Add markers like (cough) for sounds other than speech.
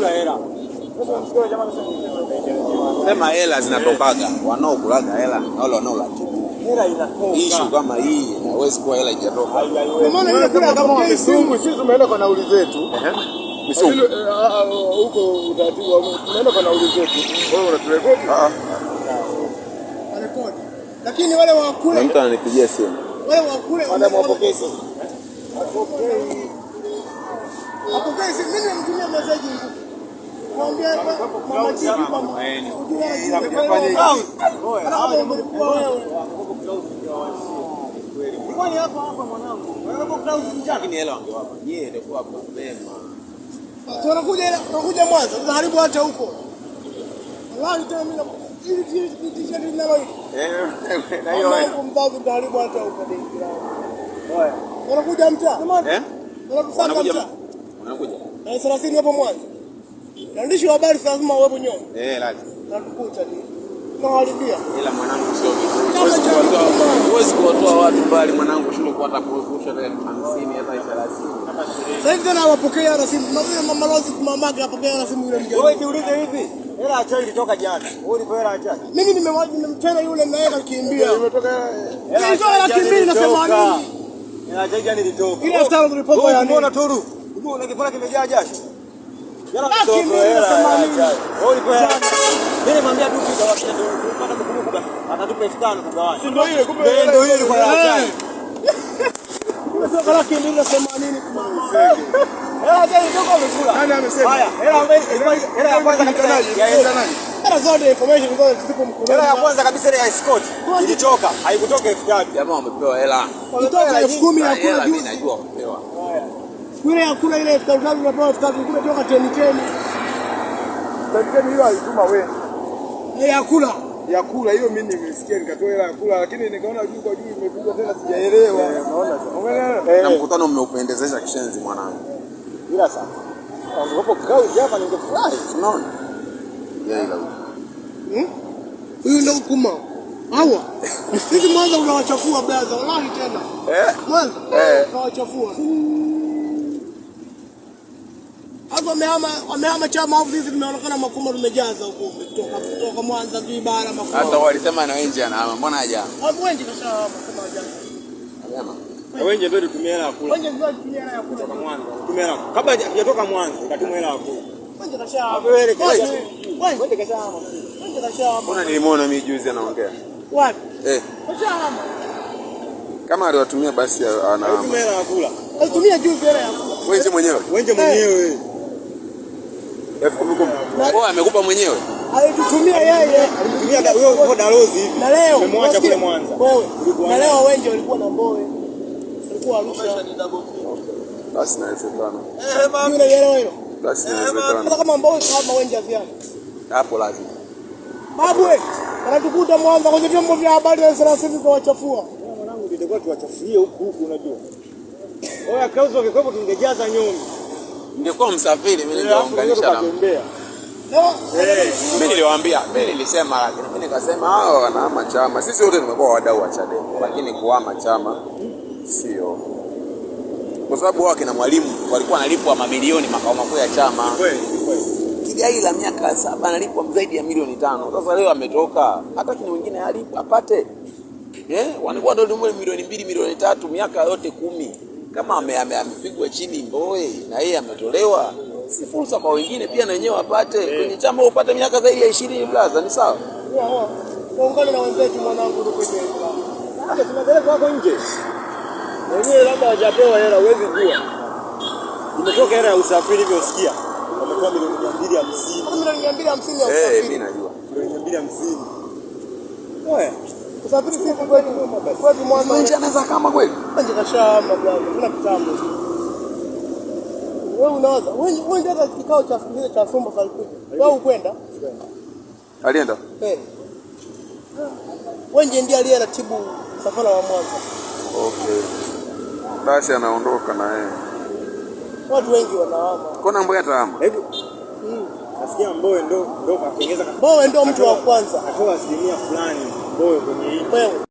wanakula hela. Sema hela zinatokaga, wanaokulaga hela na wale wanaola ishu kama hii haiwezi kuwa hela ijatoka. Kwa maana tumeenda kwa nauli zetu. Eh, ah, ah, huko utaratibu wa kwa nauli zetu. Wewe ah. Lakini wale wa kule. Mtu ananipigia simu. Wale wa kule wanamwapokea simu. Apokea simu. Mimi nimemtumia message Tunakuja Mwanza, tunaharibu hata huko. Wanakuja eh, mtaa. Wanakuja. Eh? Na hapo Mwanza. Mwandishi wa habari lazima uwe mwenyewe. Eh, lazima. Tunakukuta ni. Tunawaribia. Ila mwanangu sio vizuri. Huwezi kuwatoa watu bali mwanangu shule kwa hata kuepusha hata 50 hata 30. Sasa hivi tena wapokea rasimu. Mama malozi kumamaga apokea rasimu yule mjane. Wewe jiulize hivi. Hela acha ilitoka jana. Wewe ulipo hela acha. Mimi nimemwaji nimemtena yule naweka kimbia. Imetoka hela. Hizo hela kimbia nasema nini? Hela acha jana ilitoka. Ile after ya nini? Unaona turu. Unaona kipora kimejaa jasho. Hela ya kwanza kabisa ile ya escort ilitoka, haikutoka elfu ngapi? Jamaa wamepewa hela. Kutoka elfu kumi hakuna juzi. Najua wamepewa. Kule hakuna ile elfu tatu unapewa elfu tatu kule toka cheni cheni. Cheni hiyo alituma wewe. Ile hakuna. Ya kula hiyo mimi nimesikia nikatoa hela ya kula lakini nikaona juu kwa juu imepigwa tena sijaelewa. Eh, unaona? Umeelewa? Eh. Na mkutano umeupendezesha kishenzi mwanangu. Ila sana. Angekupo kauli hapa ningefurahi. Unaona? yeye ila huyo Hmm? huyo ndio kuma Hawa. Sisi (laughs) mwanzo unawachafua blaza. Wallahi tena. Eh? Mwanzo. Eh. Unawachafua wamehama wamehama chama au sisi tumeonekana Makuma tumejaza huko kutoka kutoka Mwanza sijui bara Makuma. Sasa walisema na wenje anahama, mbona hajahama? Wenje kashahama Makuma hajahama. Hajahama. Wenje ndio tutumia hela kula. Wenje ndio tutumia hela kula kutoka Mwanza. Tutumia hela. Kabla hajatoka Mwanza utatumia hela ya kula. Wenje kashahama. Wenje kashahama. Wenje kashahama. Wenje kashahama. Mbona nilimuona mimi juzi anaongea? Wapi? Eh. Kashahama. Kama aliwatumia basi anahama. Tumia hela ya kula. Alitumia juzi hela ya kula. Wenje mwenyewe. Eh. Wenje mwenyewe. Kwa amekupa mwenyewe? Alitutumia yeye. Alitumia huyo balozi hivi. Na leo umemwacha kule Mwanza. Na leo wengi walikuwa na mboe. Walikuwa Arusha. Basi na elfu tano. Eh, mama. Yule yeleo hilo. Basi na elfu eh, tano. Kama mboe kama wengi haviani. Hapo lazima. Babu wewe, anatukuta Mwanza kwenye vyombo vya habari na thelathini tunawachafua. Mwanangu ndio kwa tuwachafulie huku huku unajua. Wewe akauzwa kikopo kingejaza nyonyi ningekuwa msafiri mimi ningeunganisha na eh. mimi niliwaambia, mimi nilisema, lakini mimi nikasema hao ah, wanahama chama. Sisi wote tumekuwa wadau wa Chadema, lakini kuhama chama sio kwa sababu wao kina Mwalimu walikuwa analipwa mamilioni makao makuu ya chama. Kweli Kigai la miaka saba analipwa zaidi ya milioni tano. Sasa leo ametoka, hata kina wengine alipo apate, eh, wanakuwa ndio milioni mbili, milioni tatu, miaka yote kumi. Kama amepigwa chini mboe na yeye ametolewa, si fursa kwa wengine pia na wenyewe wapate eh. kwenye chama, upate miaka zaidi ya ishirini blaza, ni sawa. Waungane na wenzetu mwanangu, tunapeleka wako nje wenyewe, labda wajapewa hela, huwezi kuwa imetoka hela ya usafiri hivyo, sikia wametoa milioni mia mbili hamsini milioni mia mbili hamsini ya eh, usafiri, mimi najua milioni mia mbili hamsini Usafiri sisi kwetu basi. Kwetu mwanzo. Nje anaweza kama kweli. Nje kashamba bwana. Kuna kitambo. Wewe unawaza. Wewe wewe ndio kikao cha kile cha somba pale kwetu. Wewe ukwenda? Alienda? Eh. Wewe ndiye aliye ratibu safara wa Okay. Basi anaondoka na yeye. Watu wengi wanawama. Kona mboya ataama. Hebu. Mm. Nasikia mboe ndo ndo kapongeza. Mboe ndo mtu wa kwanza. Atoa asilimia fulani. Боїнгу, и іпели.